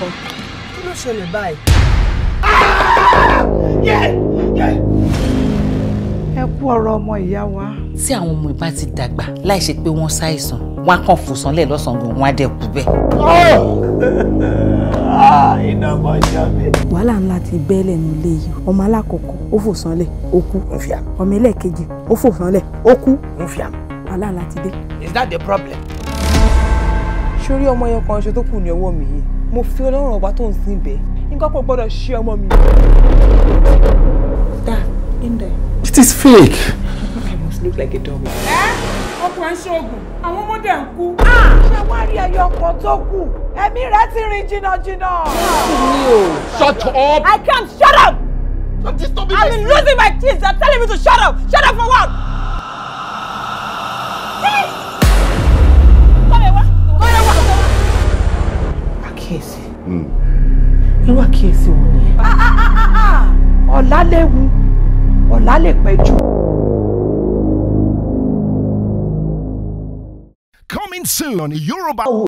kan kí ló ṣẹlẹ̀ báyìí. ẹ kú ọ̀rọ̀ ọmọ ìyá wa. tí àwọn ọmọ ìbá ti dàgbà láì ṣe pé wọ́n ṣàìsàn wọn á kàn fò sánlẹ̀ lọ́sàn-án wọn á dẹ̀ kú bẹ́ẹ̀. iná wàhálà ńlá ti bẹ́ẹ̀lẹ̀ ní yìí ọmọ alákọ̀ọ́kọ́ ó fò sánlẹ̀ ó kú. ọmọ ẹlẹ́ẹ̀kejì ó fò sánlẹ̀ ó kú. wàhálà ńlá ti dé. is that the problem? sórí ọmọ yẹn kan ṣe tó kù ní ọwọ́ mi yìí mo fi ọlọ́run ọba tó ń sin bẹ́ẹ̀ nǹkan kò gbọ́dọ̀ ṣe ọmọ mi. Dad, in It is fake. I must look like a dummy. ọkùnrin ṣoògùn àwọn ọmọdé ń kú. Ah! ṣé wàá rí ẹyọ ọkọ tó kù ẹ̀mí rẹ̀ ti rìn jìnnàjìnnà. Shut up. I can't shut up. I'm losing my teeth. They're telling me to shut up. Shut up for what? àkíyèsí. Hmm. irú àkíyèsí wo ni. Ah, ah, ah, ọ̀la léwu ọ̀la lè pẹ́ jù. Coming soon on Yoruba.